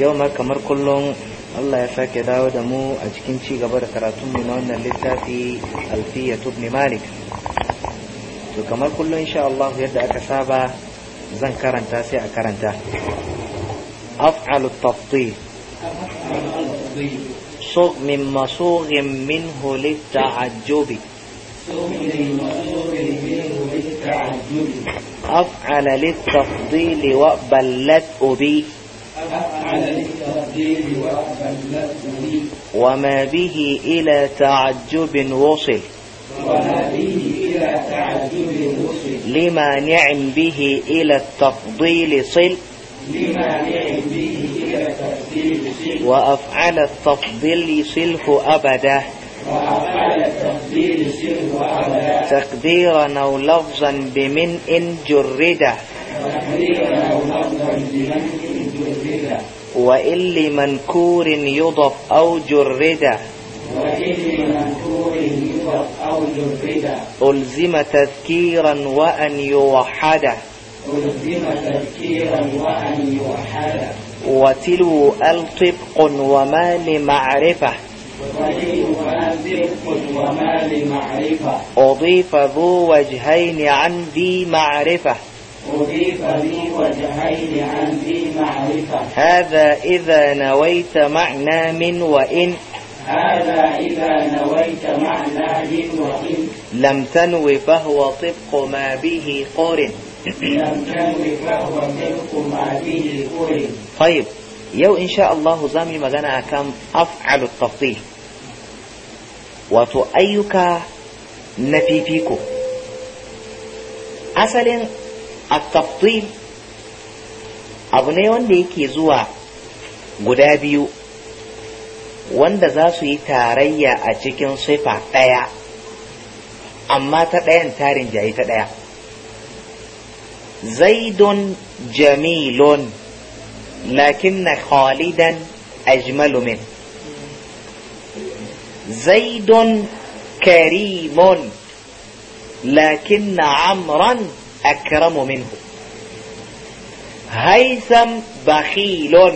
yau ma kamar kullum Allah ya sake dawo da mu a cikin ci gaba da mu na wannan littafi alfiya tubni malik to kamar kullum insha Allah yadda aka saba zan karanta sai a karanta af'alu tafti min من مصوغ منه للتعجب أفعل للتفضيل وبلت أبي وما به إلى تعجب وصل وما به إلى تعجب وصل لما نعم به إلى التفضيل صل وأفعل التفضيل صله أبدا تقديرا أو لفظا بمن إن جردا تقديرا أو لفظا بمن وإن لمنكور يضف أو جرد وإن لمنكور يضف أو جرد ألزم تذكيرا وأن يوحد ألزم تذكيرا وأن يوحد وتلو الطبق وما لمعرفة وما لمعرفة أضيف ذو وجهين عن ذي معرفة هذا إذا نويت معنى من وإن هذا إذا نويت معنى من وإن لم تنو فهو طبق ما به قرن لم تنو فهو طبق ما به قرن طيب يو إن شاء الله زامي مغانا أكام أفعل التفضيل وتؤيك نفي فيكم أسلين التفضيل abu ne wanda yake zuwa guda biyu wanda za su yi tarayya a cikin sifa ɗaya amma ta ɗayan tarin jayi ta ɗaya zaidun jamilun lakin na khalidan ajmalu min zaidun karimun lakin na amran أكرم منه هيثم بخيل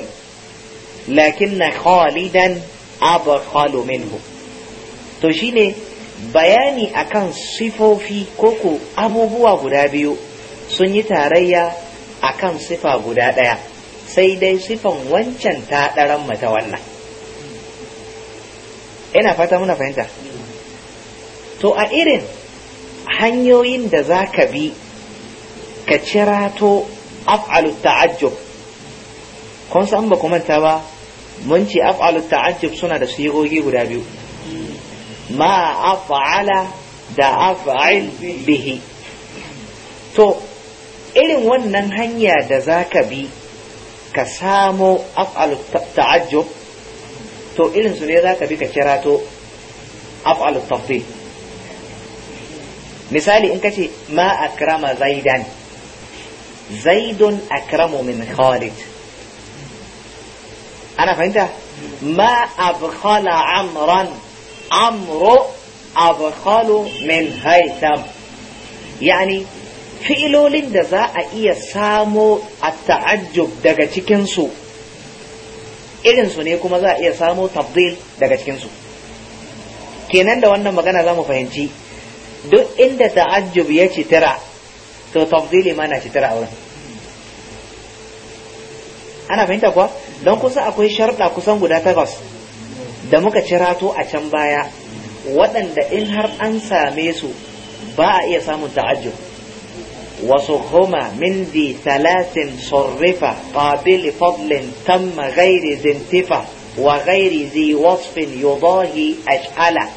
لكن خالدا أبخل منه to shine bayani akan sifofi koko abubuwa guda biyu sun yi tarayya akan sifa guda ɗaya sai dai sifan wancan ta ɗaran mata wannan ina fata muna fahimta to a irin hanyoyin da za ka bi ka cirato af'alu ta'ajjub kun san ba ku manta ba mun ce af'alu ta'ajjub suna da sigogi guda biyu ma af'ala da af'al bihi to irin wannan hanya da zaka bi ka samo af'alu ta'ajjub to irin su ne zaka bi ka cirato af'alu tafdil misali in kace ma akrama zaidan زيد أكرم من خالد أنا فهمتها ما أبخل عمرا عمرو أبخل من هيثم يعني في لند ذا أئي سامو التعجب دقا تكنسو إغنسو نيكو مذا أئي سامو تفضيل دقا تكنسو كينان دوانا مغانا ذا مفهنتي دو إند تعجب يتي ترى to tafdili ma na shitar ana fahimta kuwa don kusa akwai sharɗa kusan guda takwas da muka cirato a can baya waɗanda in har an same su ba a iya samun ta'ajjub wasu homa min di talatin sarrifa qabili fadlin tamma ghairi zintifa wa ghairi zi wasfin yudahi ash'ala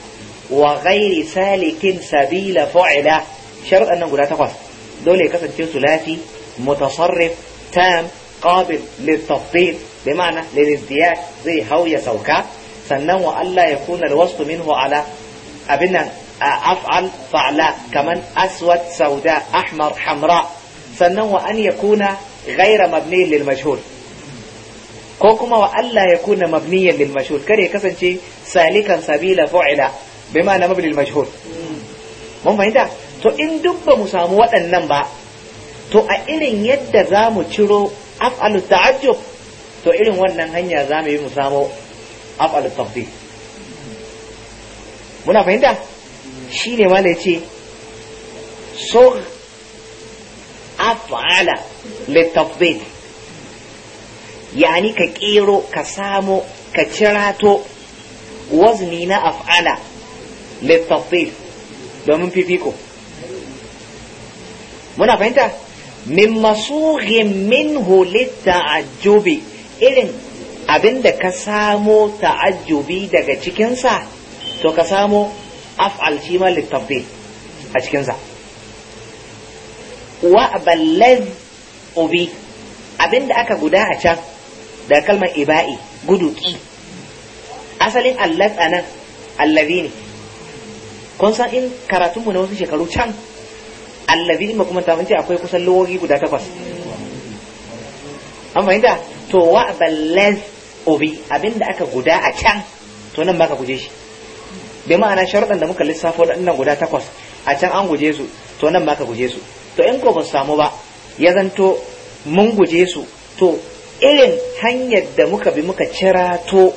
wa ghairi salikin sabila fu'ila sharɗan nan guda takwas دولي كسر ثلاثي متصرف تام قابل للتفضيل بمعنى للازدياد زي هوية سوكا سنن ألا يكون الوسط منه على أبنا آه، أفعل فعلا كمان أسود سوداء أحمر حمراء سنن أن يكون غير مبني للمجهول كوكما وألا يكون مبنيا للمجهول كري كسن شي سالكا سبيل فعلا بمعنى مبني للمجهول مهم هيدا إيه to in duk ba mu samu waɗannan ba to a irin yadda za mu ciro af'alu ta'ajjub to irin wannan hanya za mu yi mu samu af'alu tafdil muna fahimta shi ne ma ce so af'ala litafdil yani ka ƙero, ka samo ka cirato wazni na af'ala litafdil domin fifiko muna fahimta min masughin minhu litta'ajjubi irin abinda ka samo ta'ajjubi daga cikinsa to ka samo af'al shi ma a cikinsa wa ballaz ubi abinda aka guda a can daga kalmar iba'i gudu asalin asalin a anan allazi ne kun san in karatunmu na wasu shekaru can allazi in kuma ta mun ce akwai kusan lowogi guda takwas an fahimta to wa ballaz obi abinda aka guda a can to nan baka guje shi bi ma'ana sharuɗan da muka lissafo nan guda takwas a can an guje su to nan baka guje su to in ko ba samu ba ya zanto mun guje su to irin hanyar da muka bi muka cira to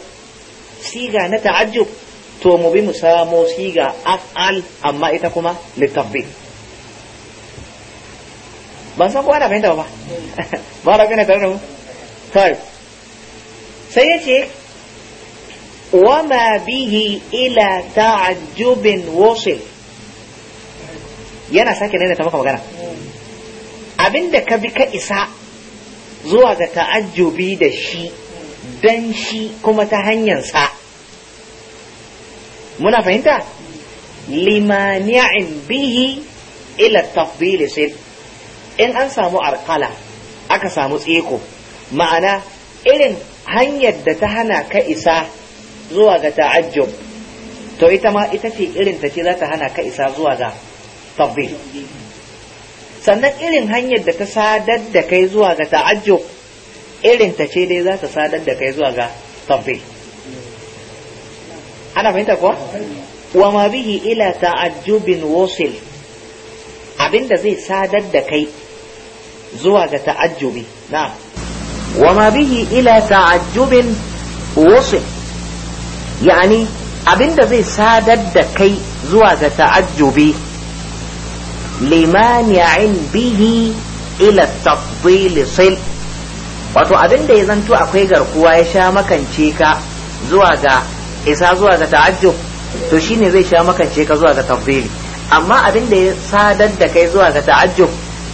siga na ta'ajjub to mu bi mu samo siga af'al amma ita kuma litafi ban san kowa ana fahimta ba ba da kana tare da mu طيب سيأتي وما به إلى تعجب وصل yana sake ne ta maka magana abinda ka bi ka isa zuwa ga ta'ajjubi da shi dan shi kuma ta hanyar sa muna fahimta in bihi ila tafdili sai in an samu arkala aka samu tseko ma'ana irin hanyar da ta hana ka isa zuwa ga ta'ajjub to ita ma ita ce irin ta ce za ta hana ka isa zuwa ga tabbi sannan irin hanyar da ta sadar da kai zuwa ga ta'ajjub irin ta ce dai za ta sadar da kai zuwa ga tabbi ana fahimta kuwa wa ma bihi ila ta'ajjubin wasil abinda zai sadar da kai zuwa ga ta'ajjubi na wama bihi ila ta'ajjubin wasu yani abinda zai sadar da kai zuwa ga ta'ajjubi ya'in bihi ila tafdili sil wato abinda ya zanto akwai garkuwa ya sha makance ka zuwa ga isa zuwa ga ta'ajjub to shine zai sha makance ka zuwa ga tafdili amma abin da ya sadar da kai zuwa ga ta'ajjub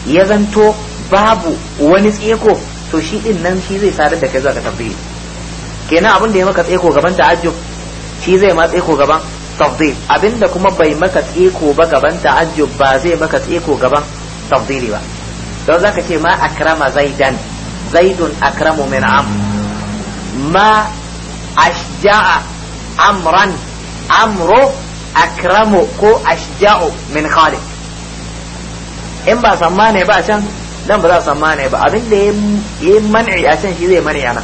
ya zanto babu wani tseko to shi din nan shi zai sadar da kai zuwa ga tafdil kenan abin da ya maka tseko gaban ta'ajjub shi zai ma tseko gaban tafdil abin da kuma bai maka tseko ba gaban ta'ajjub ba zai maka tseko gaban tafdili ba don zaka ce ma akrama zaidan zaidun akramu min am ma ashja'a amran amro akramu ko ashja'u min khalid in ba sammane ba can dan ba za sammane ba abin da yayi man'i a can shi zai man'i yana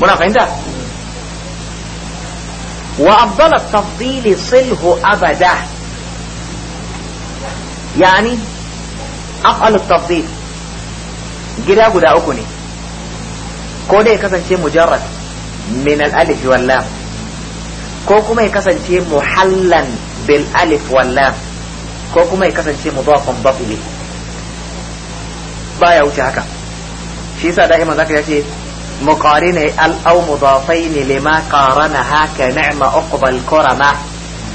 muna fahimta wa afdal at-tafdil silhu abada yani af'al at-tafdil gida guda uku ne ko dai kasance mujarrad min al-alif wal lam ko kuma ya kasance muhallan bil alif wallam ko kuma ya kasance mudafun batili baya wuce haka shi yasa da'iman zaka yace muqarina al aw mudafain lima qarana haka ni'ma uqbal kurama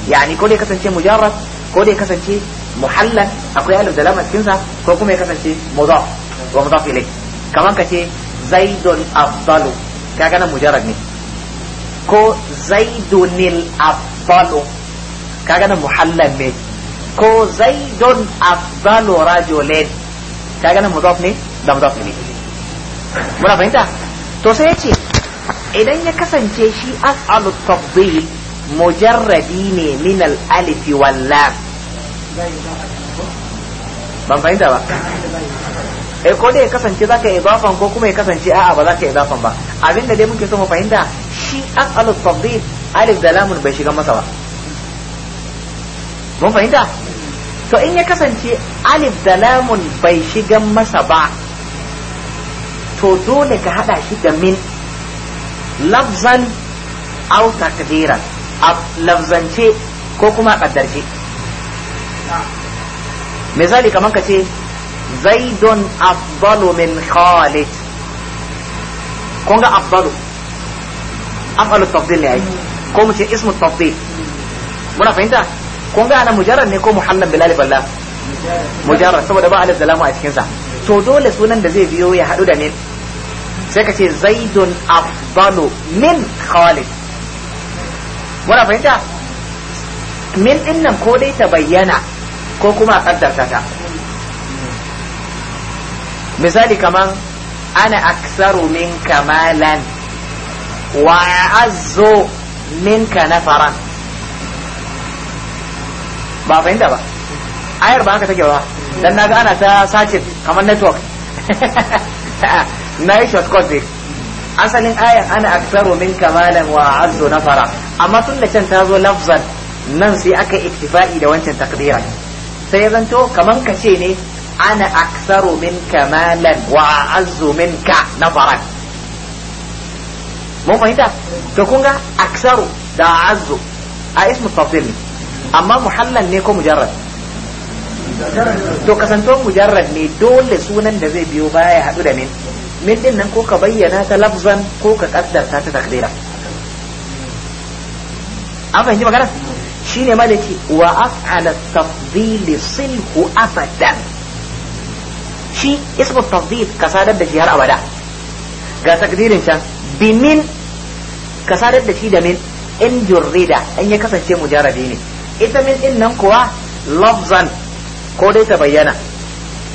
yani ko dai kasance mujarrad ko dai kasance muhallan akwai alif da lam kinsa ko kuma ya kasance mudaf wa mudaf ilayh kaman kace zaidun afdalu kaga nan mujarrad ne ko zaidunil afdalu kaga nan muhallan ne ko zaidun afdalu rajulin kaga nan mudaf ne da mudaf ne muna fahimta to sai yace idan ya kasance shi af'alu tafdil mujarradi ne min al alif wal lam ban fahimta ba eh ko da ya kasance zaka idafan ko kuma ya kasance a'a ba zaka idafan ba abinda dai muke so mu fahimta shi an alif alif da lamun bai shiga masa ba mun fahimta to in ya kasance alif da lamun bai shiga masa ba to dole ka hada shi da min lafzan au takdiran a lafzance ko kuma kaddarce misali kamar ka ce zaidon afdalu min khalid kun ga afdalu af'alu tafdil ne ai ko mu ce ismu tafdil muna fahimta ko ga ana mujarrad ne ko muhallan bilal balla mujarrad saboda ba alif da lamu a cikin sa to dole sunan da zai biyo ya hadu da min sai ka ce zaidun afdalu min khalid muna fahimta min din nan ko dai ta bayyana ko kuma kaddarta ta misali kaman ana aksaru min kamalan وأعز منك نفرا ba fahimta ba ayar ba haka take ba dan naga ana ta sace kamar network na yi shortcut dai asalin ayar ana aksaro min kamalan wa azzo nafara amma tun da can ta zo lafzan nan sai aka iktifa'i da wancan takdira sai ya zanto kaman ka ce ne ana aksaro min kamalan wa azzo minka nafaran mun fahimta to kun ga aksaru da azzu a ismu tafdil amma muhallan ne ko mujarrad to kasantuwar mujarrad ne dole sunan da zai biyo baya ya haɗu da min min din nan ko ka bayyana ta lafzan ko ka kaddarta ta takdira an fahimci magana shine malaki wa af'ala tafdil silhu abadan shi ismu tafdil ka sadar da shi har abada ga takdirin can bimin ka sadar da shi da min in jurrida in ya kasance mujarrabi ne ita min din nan kuwa lafzan ko dai ta bayyana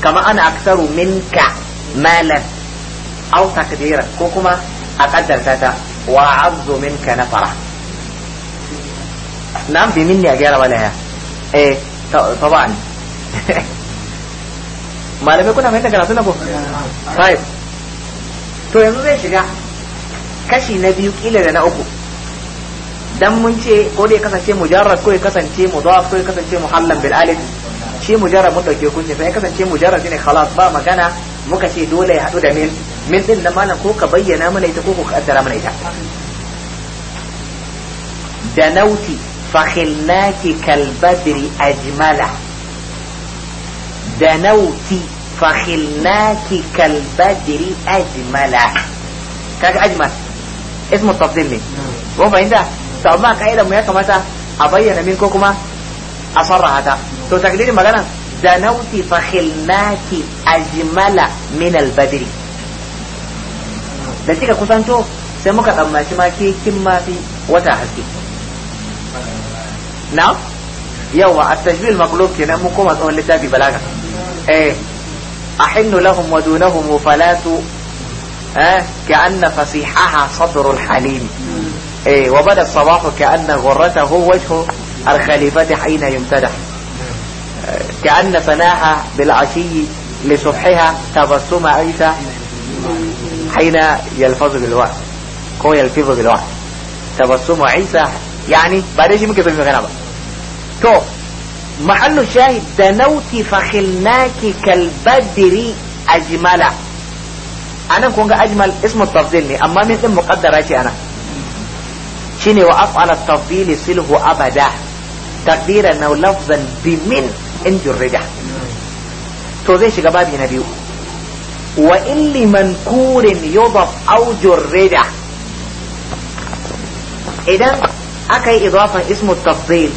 kama ana aksaru minka malan aw takdiran ko kuma a kaddarta ta wa azzu minka nafara na'am bi minni a gyara wala ya eh taban malamai kuna mai daga suna ko to yanzu zai shiga kashi na biyu kila da na uku dan mun ce ko da ya kasance mujarrad ko ya kasance mudaf ko ya kasance muhallan bil alif shi mujarrad mun dauke hukunci sai ya kasance mujarrad ne khalas ba magana muka ce dole ya hadu da min min din da malam ko ka bayyana mana ita ko ka kaddara mana ita da nauti fakhilnaki kal badri ajmala da nauti fakhilnaki kal badri ajmala kaga ajmala ismu tafdil ne ko fahimta to amma ka'idar mu ya kamata a bayyana min ko kuma a sarraha ta to takdirin magana zanauti fa khilnaki ajmala min albadri da kika kusanto sai muka tsammaci ma ke kin ma fi wata haske na yawa at-tajwid maqlub kenan mu koma tsawon littafi balaga eh ahinnu lahum wa dunahum falatu آه كأن فصيحها صدر الحليم إيه وبدا الصباح كأن غرته وجه الخليفة حين يمتدح آه كأن فناها بالعشي لصبحها تبسم عيسى حين يلفظ بالوعد كون يلفظ بالوعد تبسم عيسى يعني بعدين ممكن تبسم غنابة تو محل الشاهد دنوت فخلناك كالبدر أجملا anan kun ga ajmal ismu tafzil ne amma min din muqaddara ce anan shine wa af'ala tafdil silhu abada taqdiran aw lafzan bi min in jurrida to zai shiga babi na biyu wa illi mankurin yudaf aw jurrida idan aka yi idafan ismu tafzil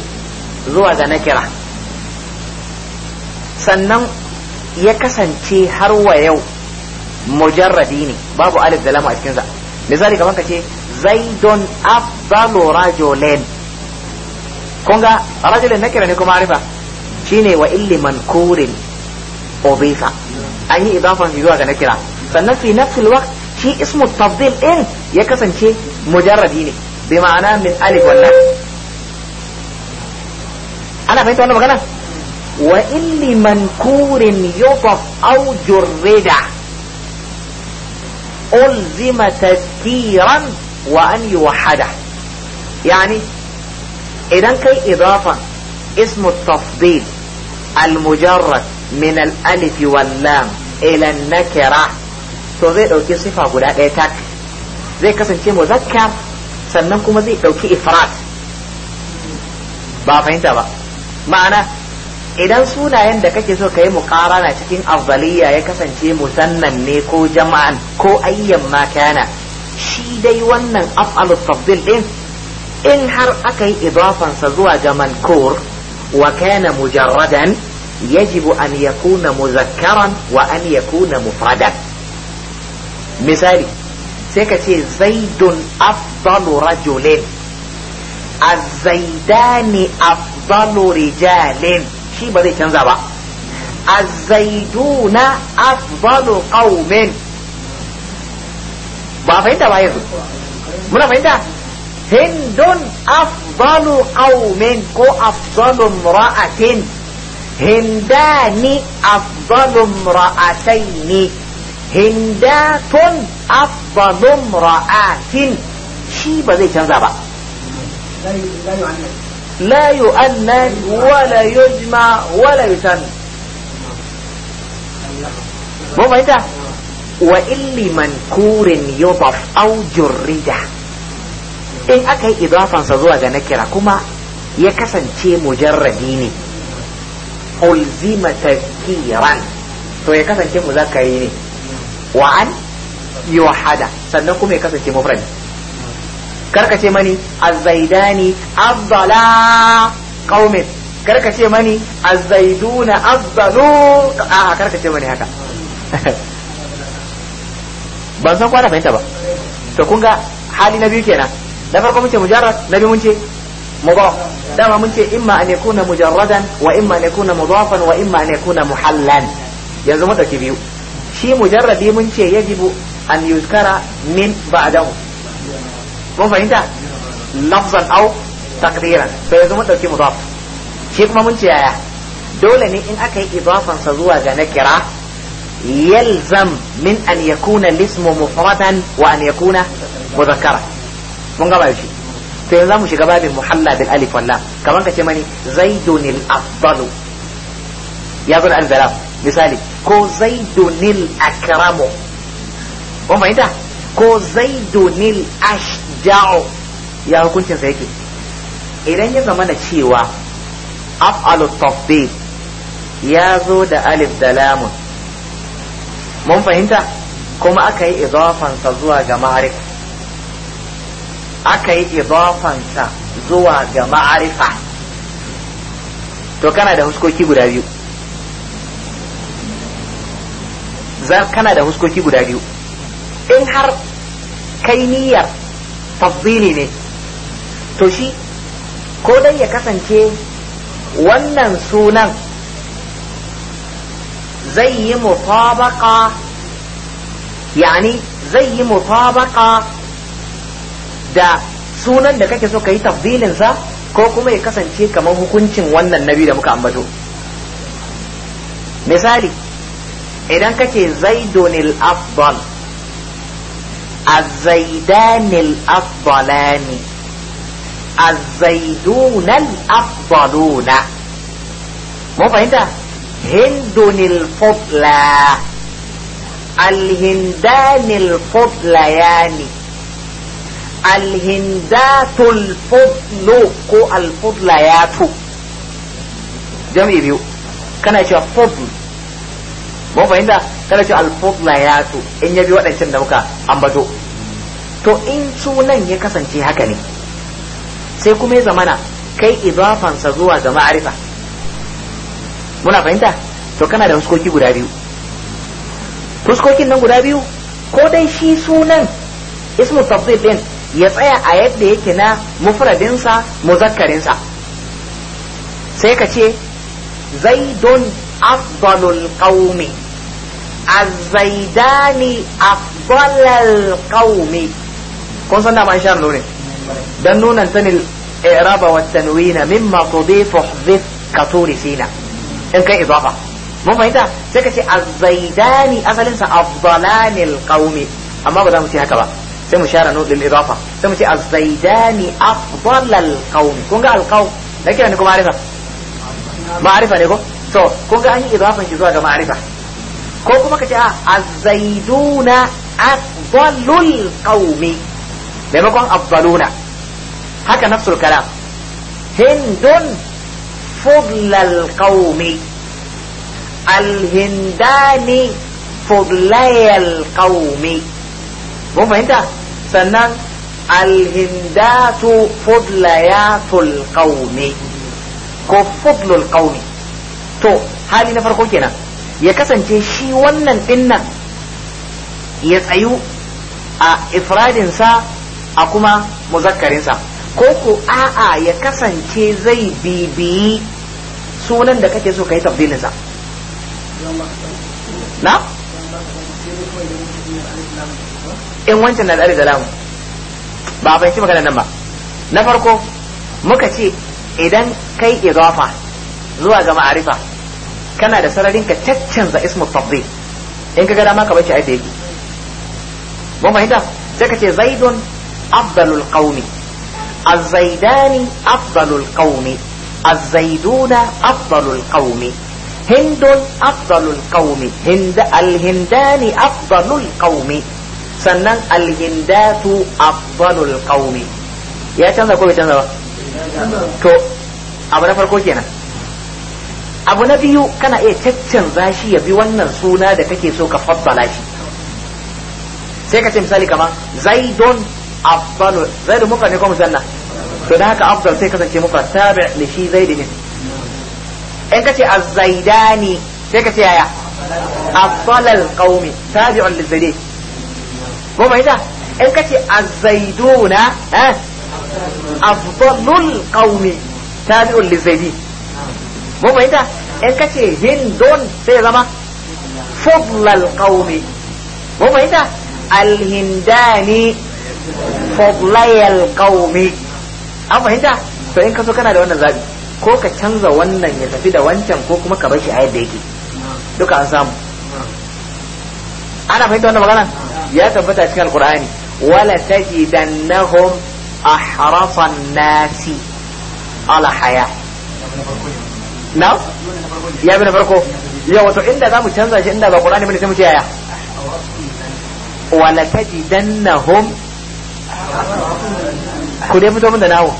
zuwa ga nakira sannan ya kasance har wa yau mujarradi ne babu alif da lam a cikin sa misali kaman kace zaidun afdalu rajulain kun ga rajulin kira ne kuma arifa shine wa illi mankurin ubifa an yi idafan shi zuwa ga nakira sannan fi nafsil waqt shi ismu tafdil din ya kasance mujarradi ne bi ma'ana min alif wal ana fahimta wannan magana wa illi mankurin yudaf aw jurrida ألزم تذكيرا وأن يوحده يعني إذا كي إضافة اسم التفضيل المجرد من الألف واللام إلى النكرة تظهر كي صفة قولها إيتك زي كسنتي مذكر سننكم زي أوكي إفراد بقى فهمت بقى معنى idan sunayen da kake so ka yi na cikin afdaliya ya kasance musannan ne ko jama'an ko ayyan ma kana shi dai wannan Af'alut tafdil din in har aka yi idafansa zuwa ga mankur wa kana mujarradan yajibu an yakuna muzakkaran wa an yakuna mufradan misali sai ka ce zaidun afdalu rajulin الزيدان أفضل رجال shi ba zai canza ba azaiduna afdalu qaumin ba fahimta ba yanzu muna fahimta hindun afdalu qaumin ko afdalu ra'atin hindani afdalu imra'ataini hindatun afdalu ra'atin shi ba zai canza ba لا يؤنن ولا يجمع ولا يسن مو فهمت وإلي منكور يضف أو جرده in aka yi idafansa zuwa ga nakira kuma ya kasance mujarradi ne ulzima takiran to ya kasance muzakari ne wa'an yuhada sannan kuma ya kasance mufrad karka ce mani azzaidani afdala qaumin karka ce mani azzaiduna afdalu a karka ce mani haka ban san kwana fahimta ba to kun ga hali na biyu kenan na farko mun ce mujarrad na biyu mun ce mudaf dama mun ce imma an yakuna mujarradan wa imma an yakuna mudafan wa imma an yakuna muhallan yanzu mun dauki biyu shi mujarradi mun ce yajibu an yuzkara min ba'dahu mun fahimta lafzan au takdiran to yanzu mun dauki mudaf shi kuma mun ce yaya dole ne in aka yi idafan sa zuwa ga nakira yalzam min an yakuna lismu mufradan wa an yakuna mudhakkara mun gaba shi to yanzu mu shiga babin muhalla bil alif wal lam kaman kace mani zaidun al afdalu ya zo da alif misali ko zaidun al akramu mun fahimta ko zaidun al ash ja'u ya hukuncin sa yake idan ya zama na cewa af'alu tafdil ya zo da alif da lamun mun fahimta kuma aka yi idafansa zuwa ga ma'arifa aka yi idafansa zuwa ga ma'arifa to kana da huskoki guda biyu kana da huskoki guda biyu in har kai niyyar tafdili ne to shi ko dai ya kasance wannan sunan zai yi mutabaka yani zai yi mutabaka da sunan da kake so ka yi tafdilinsa ko kuma ya kasance kamar hukuncin wannan nabi da muka ambato misali idan kake zaidonil afdal الزيدان الأفضلان الزيدون الأفضلون مو فهمت هند الفضلى الهندان الفضليان الهندات الفضل الفضليات جميل بيو كان يشوف فضل مو فهمت Kada ce alfudla ya su in ya bi waɗancan da muka ambato to in sunan ya kasance haka ne sai kuma ya zamana kai ibafansa zuwa ga ma'arifa muna fahimta to kana da fuskoki guda biyu fuskokin nan guda biyu ko dai shi sunan ismu tafsir din ya tsaya a yadda yake na mufradinsa muzakkarinsa sai ka ce zai don afdalul qaumi الزيدان أفضل القوم كون صنع ما إشار نوني ده النون انتني الإعراب والتنوين مما تضيف احذف كطور سينا إن كان إضافة mun fahimta sai ka ce azzaidani asalinsa afdalanil qaumi amma ba za mu ce haka ba sai mu share nudin idafa sai mu ce azzaidani afdalal qaumi kun ga alqaum da kira ne ko ma'arifa ma'arifa ne ko to kun ga an yi idafan shi zuwa ga ma'arifa ko kuma ka ce a ah, azzaiduna afdalul qaumi maimakon abbaluna haka na kalam hindun fudlal qaumi alhindani fudlayal qaumi mun fahimta sannan alhindatu fudlayatul qaumi ko fudlul qaumi to hali na farko kenan ya kasance shi wannan dinnan ya tsayu a ifradinsa a kuma muzakkarinsa ko ko a'a ya kasance zai bibiyi sunan da kake so ka yi tabdilinsa na? in wancan na da da lamu ba a fahimci magana nan ba na farko muka ce idan kai idafa zuwa ga ma'arifa kana da sararin ka caccanza ismu tafdil in ka ga dama ka bace ai da yake mun fahimta sai ka ce zaidun afdalul qaumi az-zaidani afdalul qaumi az-zaiduna afdalul qaumi hindun afdalul qaumi hind al-hindani afdalul qaumi sannan al-hindatu afdalul qaumi ya canza ko bai canza ba to abu na farko kenan abu na biyu kana iya caccanza shi ya bi wannan suna da kake so ka fassala shi sai ka ce misali kamar zaidun afdalu zaidun mufrad ne ko musanna to da haka afdal sai kasance mufrad tabi' li shi zaidin in kace az-zaidani sai ka ce yaya afdal al-qaumi tabi'un li zaidin ko mai da in kace az-zaiduna eh afdalul qaumi tabi'un li zaidin mu fahimta in ka ce hindun sai zama fudlal qaumi mu fahimta alhindani fudlayal qaumi an fahimta to in ka so kana da wannan zabi ko ka canza wannan ya tafi da wancan ko kuma ka bar shi a yadda yake duka an samu ana fahimta wannan magana ya tabbata cikin alqur'ani wala tajidannahum ahrasan nasi ala haya na ya bi na farko yau wato inda za mu canza shi inda ba qur'ani bane sai mu ce yaya wala tajidannahum ku dai fito min da nawo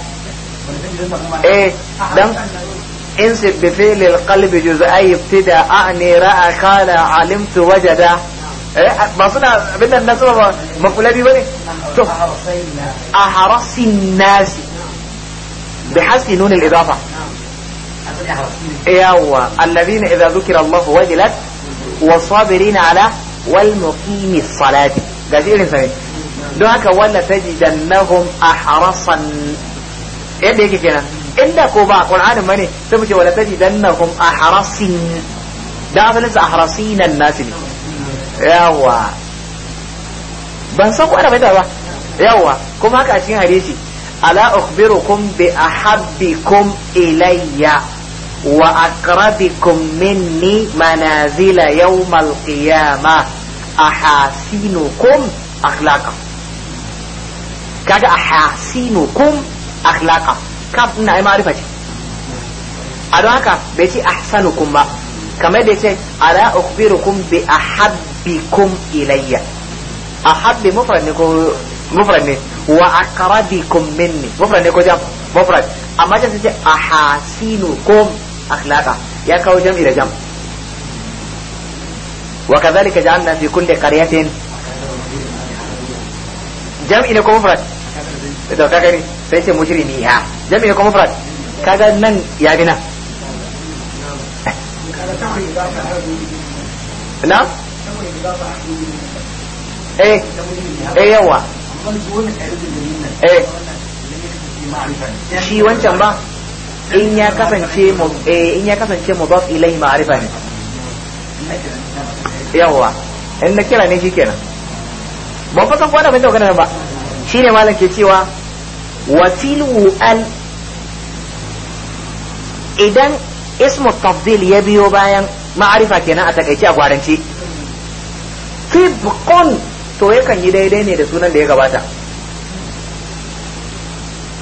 eh dan in su bi fi'lil qalbi juz'ai ibtida a'ni ra'a kala alimtu wajada eh, ba suna abin nan nasu ba makulabi bane to a harasin nasi bi hasbi nun al-idafa yawa allazina idza zukira Allah wajilat don haka wala tajidannahum ahrasan yadda yake kenan inda ko ba qur'anin bane sai mu wala tajidannahum ahrasin da asalin sa ahrasin an-nas ne yawa ban san ko ana bai ba yawa kuma haka cikin hadisi ala ukhbirukum bi ahabbikum ilayya وأقربكم مني منازل يوم القيامة أحاسنكم أخلاقا كذا أحاسنكم أخلاقا كم نعي معرفة أدو هكا بيتي أحسنكم ما كما بيتي ألا أخبركم بأحبكم إلي أحب مفرد مفرد وأقربكم مني مفرد نكو جام مفرد أما جاء تجي أحاسنكم أخلاقه يا كو جمع إلى جمع وكذلك جعلنا في كل قرية جمع إلى كمفرد إذا كاكري فليس مجرميها جمع إلى كمفرد كذا من يا بنا نعم ايه ايه يوه ايه ايه شي وانت امرأ in ya kasance mu eh, in ya kasance mudaf ilayhi ma'arifa ne yawa in na kira ne shikenan ba fa san kwana bai magana ba shine malam ke cewa wasilu al idan ismu tafdil ya biyo bayan ma'arifa kenan a takaice a gwaranci tibqon to yakan yi daidai ne da sunan da ya gabata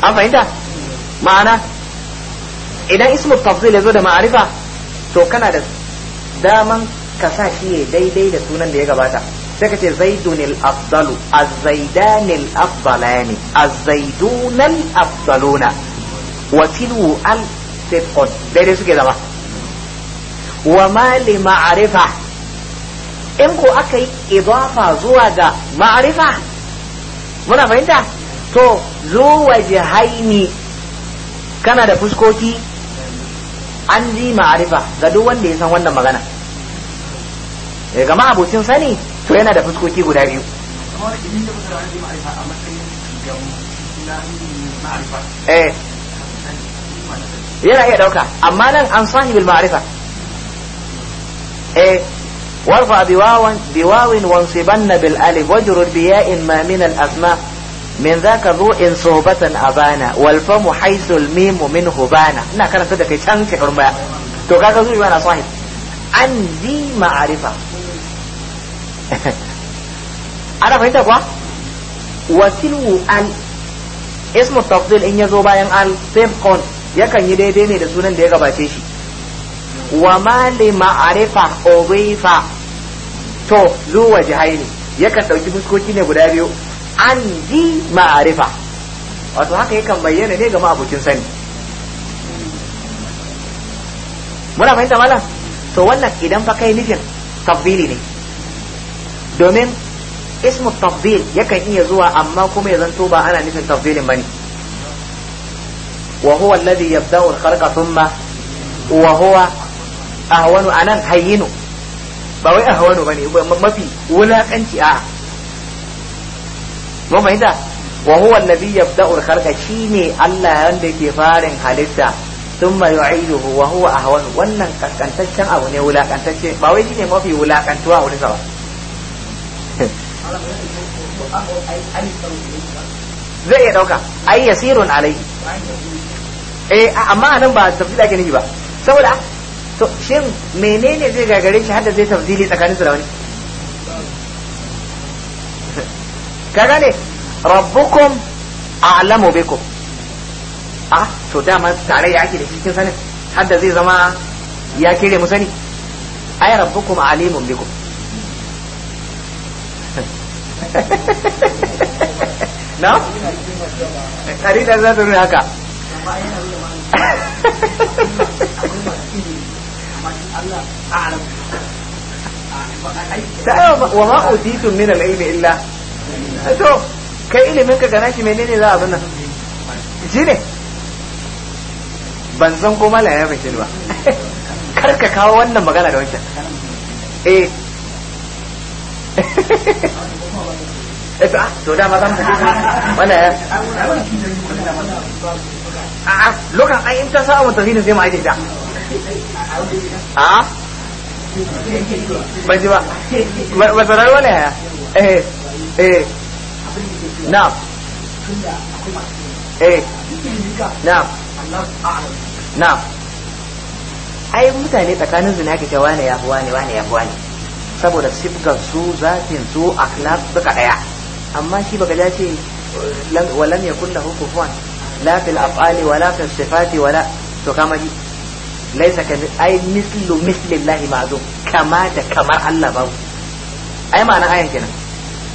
an fahimta ma'ana idan ismu tafdil ya zo da ma'arifa to kana da daman ka sa shi daidai da sunan da ya gabata sai ka ce zaidun al-afdalu az afdalani az afdaluna wa tilu al-sidqun daidai suke zama wa ma li in ko aka yi idafa zuwa ga ma'arifa muna fahimta to zuwa jihaini kana da fuskoki an ji ma'arifa ga duk wanda ya san wannan magana ya eh, gama abocin sani to yana da fuskoki guda biyu eh yana iya dauka amma nan an sahibul ma'arifa eh وارفع بواو بواو وانصبن بالالف واجرر بياء ما من الاسماء min zaka zo in sohbatan abana wal famu haisul mimu min hubana ina karanta da kai can ke baya to kaga zuwa na sahib an zi ma'arifa ana fahimta kuwa wasilu an. ismu tafdil in yazo zo bayan al kon yakan yi daidai ne da sunan da ya gabace shi wa ma li ma'arifa urifa to zuwa jihaini yakan ɗauki fuskoki ne guda biyu an ji ma'arifa wato haka yakan bayyana ne ga abokin sani muna fahimta malam to wannan idan fa kai nufin tafdili ne domin ismu tafdil yakan iya zuwa amma kuma ya zanto ba ana nufin tafdilin bane wa huwa alladhi yabda'u al-khalqa thumma wa huwa ahwanu anan hayyinu ba wai ahwanu bane mafi wulakanci a'a mu mai da wa huwa alladhi yabda'u al-khalqa shine Allah wanda yake farin halitta thumma yu'iduhu wa huwa ahwan wannan kaskantaccen abu ne wulakantacce ba wai shine mafi wulakantuwa a wurin sa ba zai iya dauka ai yasirun alai eh amma nan ba tafsila ke nufi ba saboda to shin menene zai gagare shi hadda zai tafsili tsakanin su da wani ka gane rabbukum a'lamu bikum ah to dama tare ya ake da cikin sanin har zai zama ya kire mu sani ay rabbukum alimun bikum na? Karina za ta nuna haka. wa ma utitum min al-ilmi illa to kai ilimin ka gana shi menene za a bi nan shi ne ban zan goma la ya bace ba kar ka kawo wannan magana da wancan eh to a to dama za mu wannan ya a lokan ai in ta sa'a mutafi sai mu aje ta a ban ji ba ba sarar wani ya eh eh na'am eh na'am na'am ai mutane tsakanin zina ke cewa ne ya fi wane wane ya saboda sifgar su zafin su akhlaq duka daya amma shi baka ja ce walam yakun lahu kufuwan la fil af'ali wala fil sifati wala to kama ji laisa ka ai mislu mislillahi ma'zum kama da kamar Allah babu ai ma'ana ayan kenan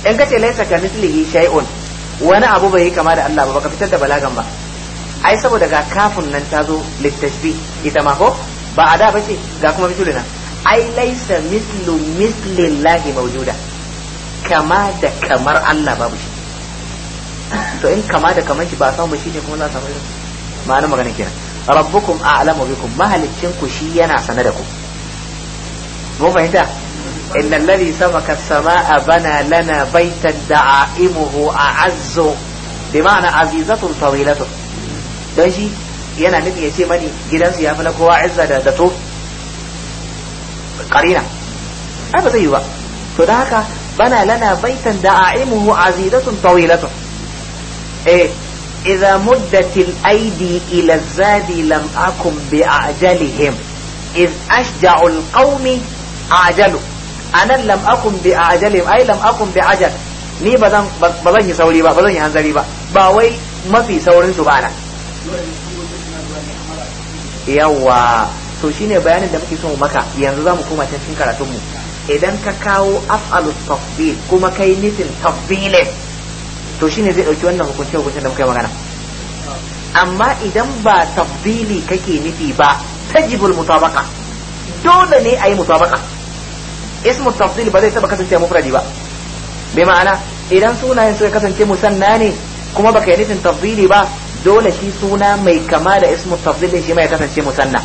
in kace laysa ka mislihi shay'un wani abu bai yi kama da Allah ba baka fitar da balagan ba ai saboda ga kafin nan ta zo littashbi ita ma ko ba a da bace ga kuma mislina ai laysa mislu mislillahi mawjuda kama da kamar Allah babu shi to in kama da kamar shi ba samu shi ne kuma za a samu ma'ana magana kenan rabbukum a'lamu bikum mahalicin ku shi yana sanar da ku mun fahimta إن الذي سمك السماء بنى لنا بيتا دعائمه أعز بمعنى عزيزة طويلة دايشي ينا نبي يتي مني جدا لك هو عزة دادتو قرينة أبا سيوا فداك بنى لنا بيتا دعائمه عزيزة طويلة إيه إذا مدت الأيدي إلى الزاد لم أكن بأعجلهم إذ أشجع القوم أعجلوا anan lam akum bi ajalim ai lam akum bi ajal ni bazan bazan ba yi sauri ba bazan yi hanzari ba ba wai mafi saurin su bana yawa to shine bayanin da muke so maka yanzu zamu koma cikin karatun mu idan ka kawo af'alu tafdil kuma kai nufin tafdil to shine zai dauki wannan hukunce hukuncin da muka yi magana amma idan ba tafdili kake nufi ba tajibul mutabaka dole ne ayi yi mutabaka ismu tafdil ba zai taba kasance mufradi ba bai ma'ana idan sunayen suka kasance musanna ne kuma baka yi nufin tafdili ba dole shi suna mai kama da ismu tafdil shi mai kasance musanna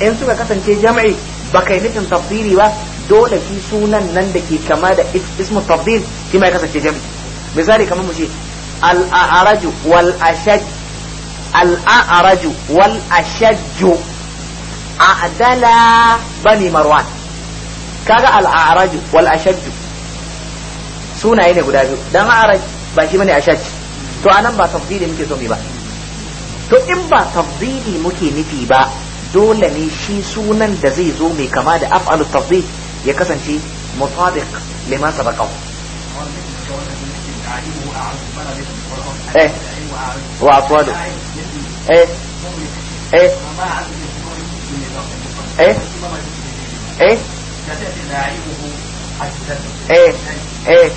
in suka kasance jam'i baka yi nufin tafdili ba dole shi sunan nan da ke kama da ismu tafdil shi mai kasance jam'i misali kamar mu ce al-a'raju wal ashaj al-a'raju wal ashaj a'dala bani marwan kaga al-a'raj wal ashaj sunaye ne guda biyu dan a'raj ba shi bane ashaj to anan ba tafdili muke so ba to in ba tafdili muke nufi ba dole ne shi sunan da zai zo mai kama da af'alu tafdil ya kasance mutabiq lima sabaqahu eh wa afwadu eh eh eh eh ايه ايه ايه,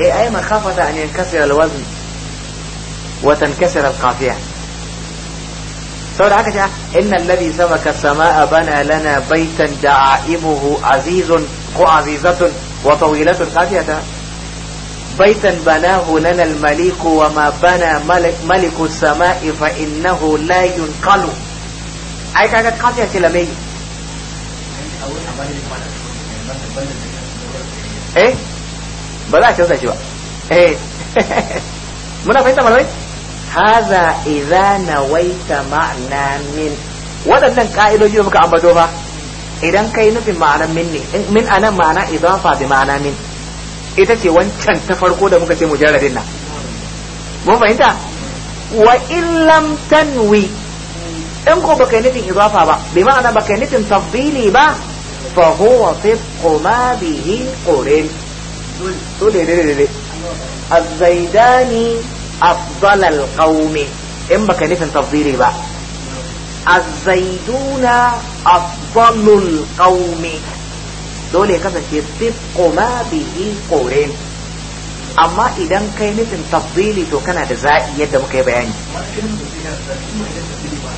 إيه،, إيه، مخافة ان ينكسر الوزن وتنكسر القافية سؤال حاجة إن الذي سمك السماء بنى لنا بيتا دعائمه عزيز عزيزة وطويلة قافية بيتا بناه لنا المليك وما بنى ملك, ملك السماء فإنه لا ينقل ai kaga kafiya ce lamai eh ba za a canza shi ba eh muna fahimta malamai haza idza nawaita ma'na min waɗannan ka'idoji da muka ambato ba idan kai nufin ma'anan min ne min anan ma'ana idafa bi ma'ana min ita ce wancan ta farko da muka ce mujarradin nan mun fahimta wa illam tanwi in ko baka nufin idafa ba bi ma'ana baka nufin tafdili ba fa huwa sidqu ma bihi qurin to dai dai dai az-zaidani afdal al-qawm in baka nufin tafdili ba az-zaiduna afdal al-qawm dole kasance sidqu kuma bihi qurin amma idan kai nufin tafdili to kana da za'i yadda muka yi bayani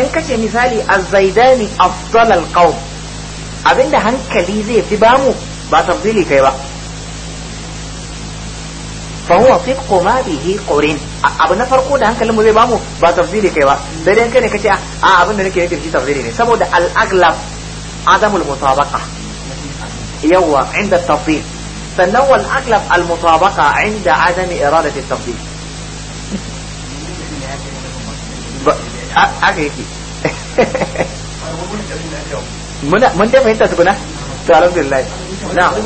in kace misali az-zaidani afdal al-qawm abinda hankali zai fi bamu ba tafdili kai ba فهو صدق ما به قرين abu na farko da hankalin mu zai bamu ba tafsiri kai ba sai dai kai ne kace a abin da nake nufi shi tafsiri ne saboda al-aglab adamul mutabaqa yawa inda tafsir sannan wal aglab al mutabaqa inda adami iradati tafsir haka yake mun dai fahimta kuna to alhamdulillah na'am na'am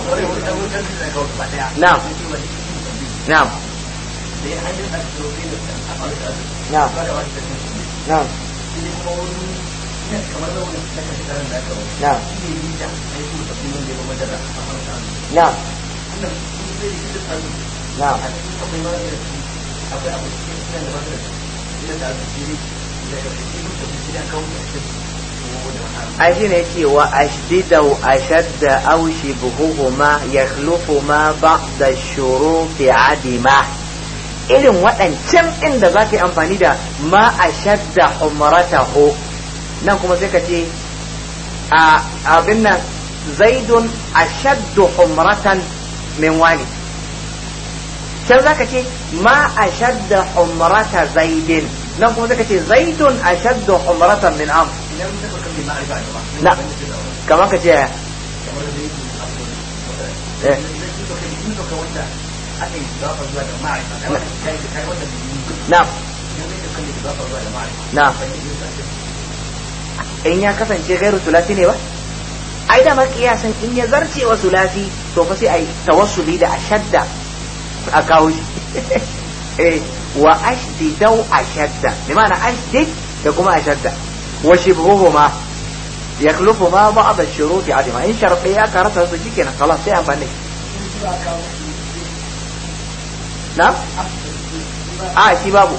na'am na'am na'am na'am na'am na'am ai shi ne cewa ashdidau ashadda aw shibhuhuma yakhlufuma ba'da fi adima irin waɗancan ɗin da za ka yi amfani da ma ashadda ho nan kuma sai ka ce a abin nan zaidun ashaddu umratan min wani can za ka ce ma ashadda umrata zaidin نعم مذكتي زيت أشد حمرة من أمر لا كما كتي ايه نعم نعم نعم نعم نعم نعم نعم نعم إن نعم نعم نعم نعم نعم نعم نعم نعم نعم نعم نعم نعم نعم نعم نعم نعم eh wa ashdidau ashadda bi ma'ana ashdid da kuma ashadda wa shibhuhuma yaklufuhuma ba'd ash-shurut adima in sharqi ya karata su shikenan kala sai amfani na a shi babu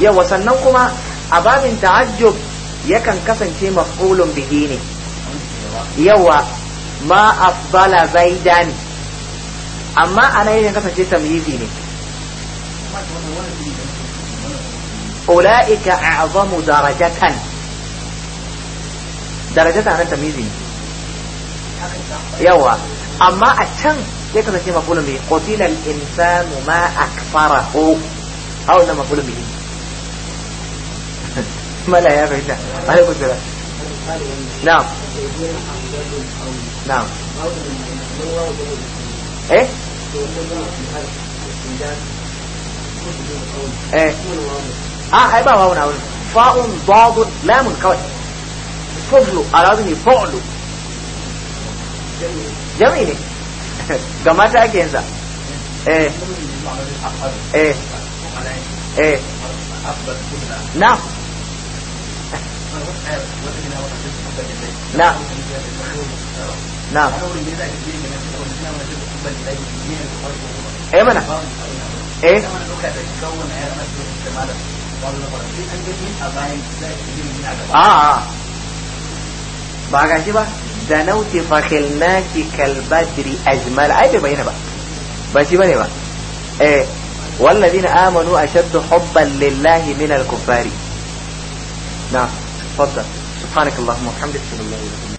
yawa sannan kuma a babin ta'ajjub yakan kasance maf'ulun bihi ne yawa ma afdala zaidan amma ana yin kasance tamyizi ne أولئك أعظم درجة درجة أنا تميزي يوا أما أتشن يكن في مقول به قتل الإنسان ما أكفره أو لما مقول به ما لا يا فهدا ما لك نعم نعم ايه eh a ah, ai ba wawun a wani fa'un dadun lamun kawai fa'lu alazu ne fa'lu jami'i ne ga mata ake yin sa eh eh eh na na na eh ايه اه اه باقاشي با زنوتي فخلناكي كالبدري اجمل ايه ببينه با باشي باني با ايه والذين امنوا اشد حبا لله من الكفار نعم تفضل سبحانك اللهم وحمدك الله وحمدك